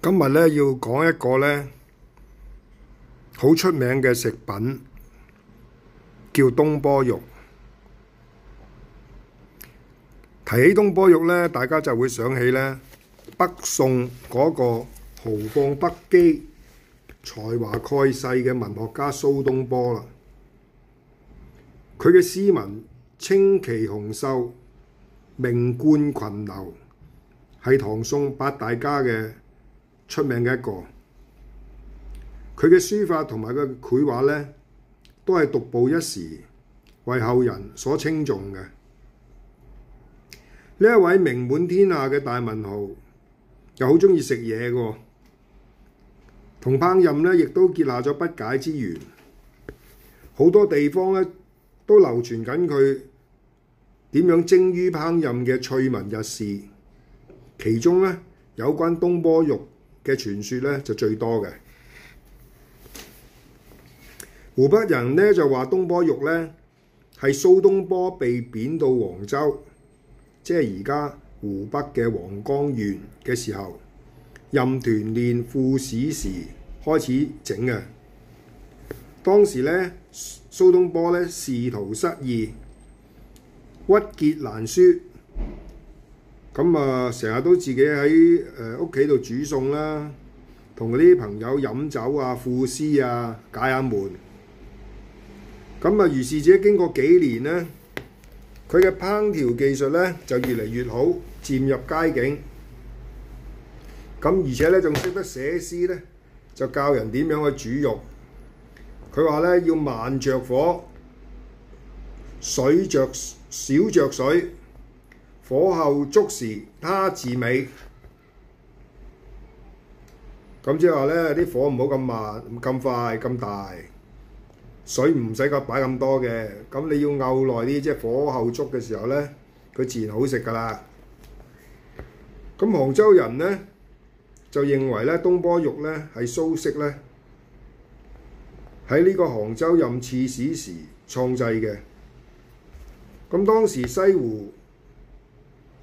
今日咧要講一個咧好出名嘅食品，叫東坡肉。提起東坡肉咧，大家就會想起咧北宋嗰個豪放不羈、才華蓋世嘅文學家蘇東坡啦。佢嘅詩文清奇雄秀，名冠群流，係唐宋八大家嘅。出名嘅一個，佢嘅書法同埋佢嘅繪畫咧，都係獨步一時，為後人所稱頌嘅。呢一位名滿天下嘅大文豪，又好鍾意食嘢嘅，同烹飪咧亦都結下咗不解之緣。好多地方咧都流傳緊佢點樣精於烹飪嘅《趣聞軼事》，其中咧有關東坡肉嘅傳說咧就最多嘅，湖北人咧就話東坡肉咧係蘇東坡被貶到黃州，即係而家湖北嘅黃岡縣嘅時候，任團練副使時開始整嘅。當時咧蘇東坡咧仕途失意，鬱結難舒。咁啊，成日、嗯、都自己喺誒屋企度煮餸啦，同啲朋友飲酒啊、賦詩啊、解下悶。咁、嗯、啊，如是者經過幾年咧，佢嘅烹調技術咧就越嚟越好，漸入佳境。咁、嗯、而且咧，仲識得寫詩咧，就教人點樣去煮肉。佢話咧，要慢着火，水着少着水。火候足時，他自美。咁即係話咧，啲火唔好咁慢、咁快、咁大。水唔使咁擺咁多嘅，咁你要熬耐啲，即係火候足嘅時候咧，佢自然好食㗎啦。咁杭州人咧就認為咧，東坡肉咧係蘇軾咧喺呢個杭州任刺史時創製嘅。咁當時西湖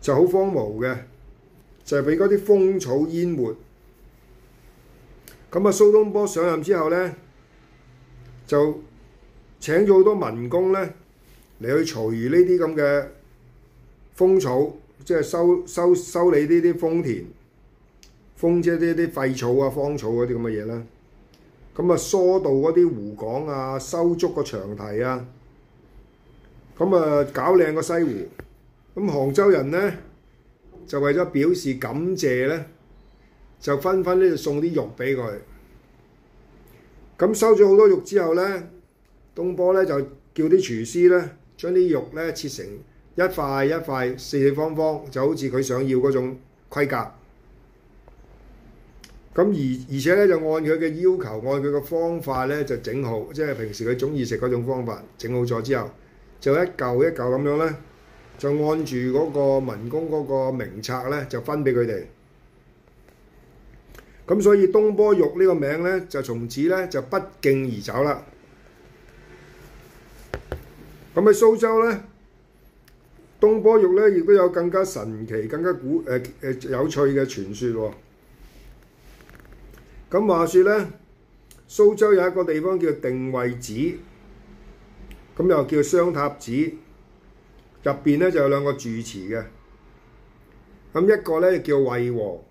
就好荒蕪嘅，就係俾嗰啲風草淹沒。咁啊，蘇東坡上任之後咧，就請咗好多民工咧嚟去除呢啲咁嘅風草，即係收收收理呢啲荒田、荒即呢啲啲廢草啊、荒草嗰啲咁嘅嘢啦。咁啊，疏導嗰啲湖港啊，修築個長堤啊，咁啊，搞靚個西湖。咁杭州人咧就為咗表示感謝咧，就紛紛呢就送啲肉俾佢。咁收咗好多肉之後咧，東坡咧就叫啲廚師咧將啲肉咧切成一塊一塊，一塊、四四方方，就好似佢想要嗰種規格。咁而而且咧就按佢嘅要求，按佢嘅方法咧就整好，即係平時佢中意食嗰種方法整好咗之後，就一嚿一嚿咁樣咧。就按住嗰個民工嗰個名冊咧，就分俾佢哋。咁所以東坡肉呢個名咧，就從此咧就不脛而走啦。咁喺蘇州咧，東坡肉咧亦都有更加神奇、更加古誒誒、呃、有趣嘅傳說，哦。咁話説咧，蘇州有一個地方叫定慧寺，咁又叫雙塔寺。入邊咧就有兩個住持嘅，咁一個咧叫惠和，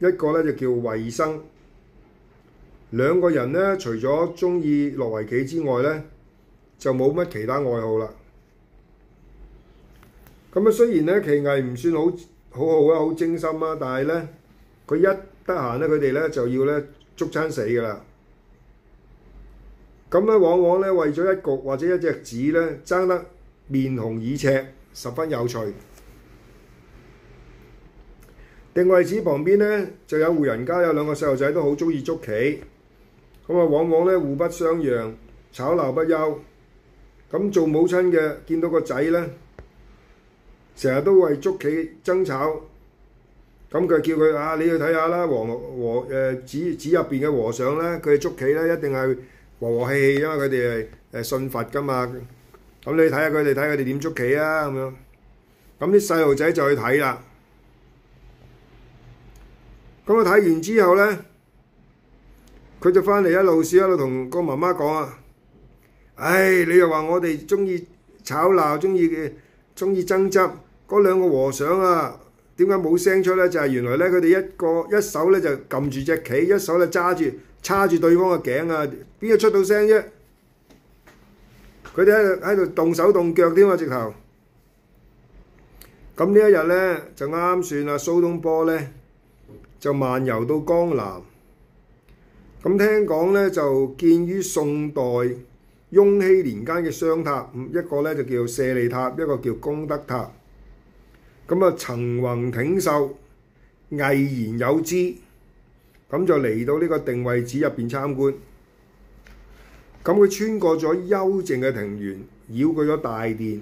一個咧就叫惠生。兩個人咧除咗中意落圍棋之外咧，就冇乜其他愛好啦。咁啊，雖然咧棋藝唔算好好好啊，好精心啊，但係咧佢一得閒咧，佢哋咧就要咧捉餐死㗎啦。咁咧往往咧為咗一局或者一隻子咧爭得～面紅耳赤，十分有趣。定位寺旁邊咧，就有戶人家，有兩個細路仔都好中意捉棋。咁啊，往往咧互不相讓，吵鬧不休。咁做母親嘅見到個仔咧，成日都為捉棋爭吵，咁佢叫佢啊，你去睇下啦，和和誒寺寺入邊嘅和尚咧，佢哋捉棋咧一定係和和氣氣，因為佢哋係誒信佛㗎嘛。咁、嗯、你睇下佢哋，睇下佢哋點捉棋啊咁樣，咁啲細路仔就去睇啦。咁佢睇完之後咧，佢就翻嚟一路笑，一路同個媽媽講啊，唉、哎，你又話我哋中意吵鬧，中意嘅中意爭執。嗰兩個和尚啊，點解冇聲出咧？就係、是、原來咧，佢哋一個一手咧就撳住隻棋，一手咧揸住叉住對方嘅頸啊，邊有出到聲啫、啊？佢哋喺度喺度動手動腳添、啊、嘛，直頭。咁呢一日咧就啱算啦。蘇東坡咧就漫遊到江南。咁聽講咧就建於宋代雍熙年間嘅雙塔，一個咧就叫舍利塔，一個叫功德塔。咁啊，層雲挺秀，巍然有姿。咁就嚟到呢個定慧寺入邊參觀。咁佢穿過咗幽靜嘅庭園，繞過咗大殿，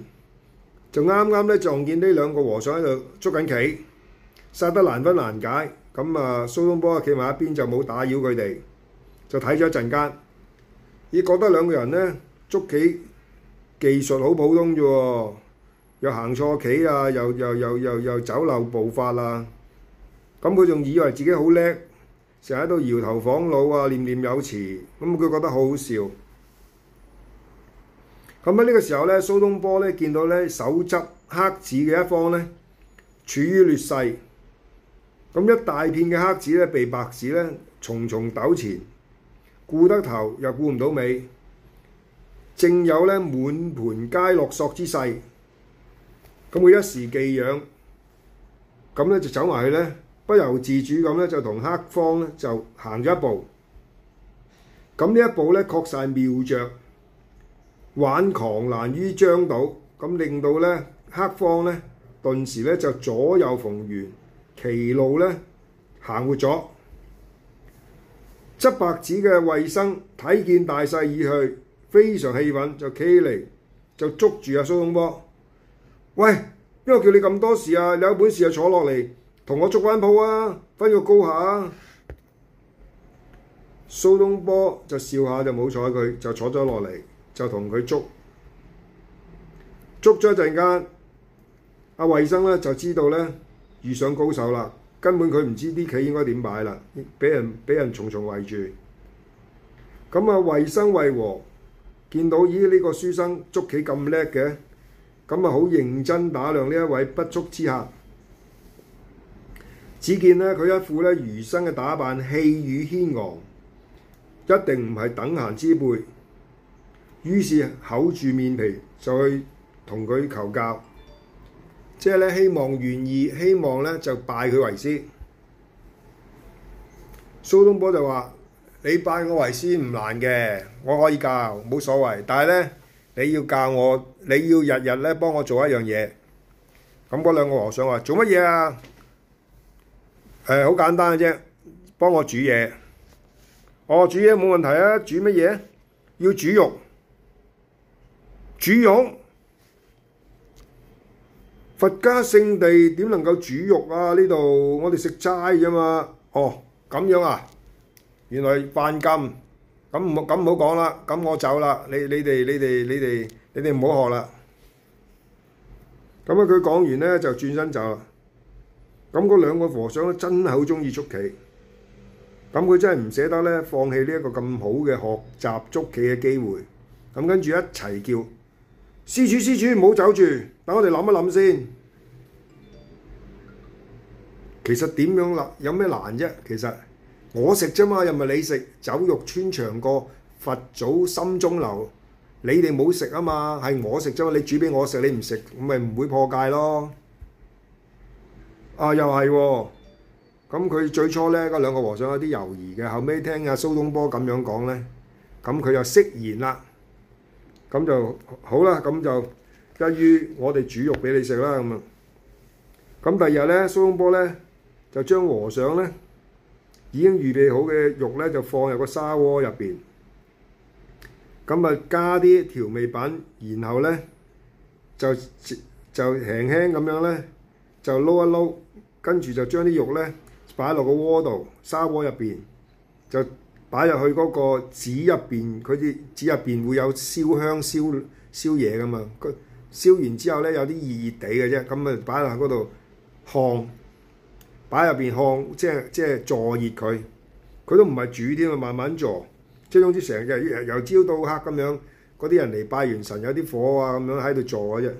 就啱啱咧撞見呢兩個和尚喺度捉緊棋，殺得難分難解。咁啊，蘇東坡啊，企埋一邊就冇打擾佢哋，就睇咗一陣間。已覺得兩個人呢捉棋技術好普通啫，又行錯棋啊，又又又又又，又，又走漏步伐啊。咁佢仲以為自己好叻，成日喺度搖頭晃腦啊，念念有詞。咁佢覺得好好笑。咁喺呢個時候咧，蘇東坡咧見到咧手執黑子嘅一方咧處於劣勢，咁一大片嘅黑子咧被白子咧重重糾纏，顧得頭又顧唔到尾，正有咧滿盤皆落索之勢。咁佢一時技癢，咁咧就走埋去咧，不由自主咁咧就同黑方咧就行咗一步。咁呢一步咧確係妙着。挽狂瀾於將倒，咁令到咧黑方咧頓時咧就左右逢源，棋路咧行活咗。執白子嘅魏生睇見大勢已去，非常氣憤，就企嚟就捉住阿、啊、蘇東坡。喂，邊個叫你咁多事啊？你有本事就坐落嚟同我捉翻鋪啊，分個高下啊！蘇東坡就笑下就冇睬佢，就坐咗落嚟。就同佢捉，捉咗一陣間，阿、啊、魏生咧就知道咧遇上高手啦，根本佢唔知啲棋應該點擺啦，俾人俾人重重圍住。咁、嗯、啊，魏生魏和見到咦呢、這個書生捉棋咁叻嘅，咁啊好認真打量呢一位不速之客。只見咧佢一副咧儒生嘅打扮，氣宇軒昂，一定唔係等閒之輩。於是厚住面皮就去同佢求教，即係咧希望願意，希望咧就拜佢為師。蘇東坡就話：你拜我為師唔難嘅，我可以教，冇所謂。但係咧你要教我，你要日日咧幫我做一樣嘢。咁嗰兩個和尚話：做乜嘢啊？誒、呃，好簡單嘅啫，幫我煮嘢。我煮嘢冇問題啊，煮乜嘢？要煮肉。煮肉，佛家聖地點能夠煮肉啊？呢度我哋食齋啫嘛。哦，咁樣啊，原來犯禁，咁唔好咁唔好講啦。咁我走啦，你你哋你哋你哋你哋唔好學啦。咁啊，佢講完咧就轉身走啦。咁嗰兩個和尚真係好中意捉棋，咁佢真係唔捨得咧放棄呢一個咁好嘅學習捉棋嘅機會。咁跟住一齊叫。施主，施主唔好走住，等我哋諗一諗先。其實點樣難？有咩難啫？其實我食啫嘛，又唔係你食。酒肉穿腸過，佛祖心中留。你哋唔好食啊嘛，係我食啫嘛。你煮俾我食，你唔食，咁咪唔會破戒咯。啊，又係喎。咁佢最初咧，嗰兩個和尚有啲猶豫嘅，後尾聽阿蘇東坡咁樣講咧，咁佢又釋然啦。咁就好啦，咁就一於我哋煮肉俾你食啦咁啊！咁第二日咧，蘇東坡咧就將和尚咧已經預備好嘅肉咧就放入個砂鍋入邊，咁啊加啲調味品，然後咧就就輕輕咁樣咧就撈一撈，跟住就將啲肉咧擺落個鍋度，砂鍋入邊就。擺入去嗰個紙入邊，佢啲紙入邊會有燒香燒燒嘢㗎嘛？佢燒完之後咧，有啲熱熱地嘅啫。咁啊，擺落喺嗰度烘，擺入邊烘，即係即係助熱佢。佢都唔係煮添啊，慢慢助。即係總之成日由，由朝到黑咁樣，嗰啲人嚟拜完神有啲火啊咁樣喺度坐嘅啫。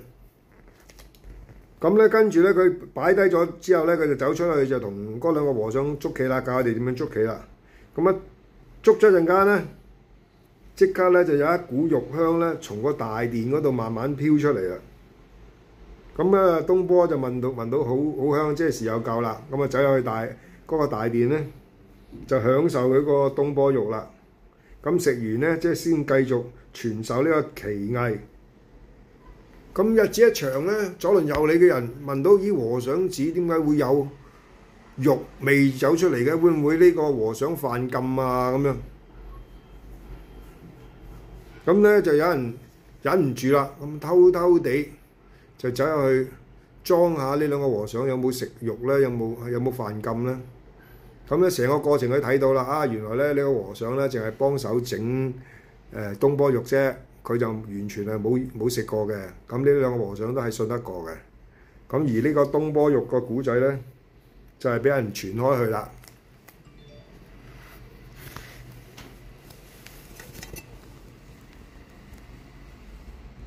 咁咧跟住咧，佢擺低咗之後咧，佢就走出去就同嗰兩個和尚捉棋啦，教我哋點樣捉棋啦。咁啊～捉咗一陣間咧，即刻咧就有一股肉香咧，從個大殿嗰度慢慢飄出嚟啦。咁啊，東坡就聞到聞到好好香，即係時有夠啦。咁啊，走入去大嗰個大殿咧，就享受佢個東坡肉啦。咁食完咧，即係先繼續傳授呢個奇藝。咁日子一長咧，左鄰右里嘅人聞到咦，和尚寺點解會有？肉未走出嚟嘅，會唔會呢個和尚犯禁啊？咁樣咁咧就有人忍唔住啦，咁偷偷地就走入去裝下呢兩個和尚有冇食肉咧，有冇有冇犯禁咧？咁咧成個過程佢睇到啦，啊原來咧呢個和尚咧淨係幫手整誒東坡肉啫，佢就完全係冇冇食過嘅。咁呢兩個和尚都係信得過嘅。咁而呢個東坡肉個古仔咧？就係俾人傳開去啦。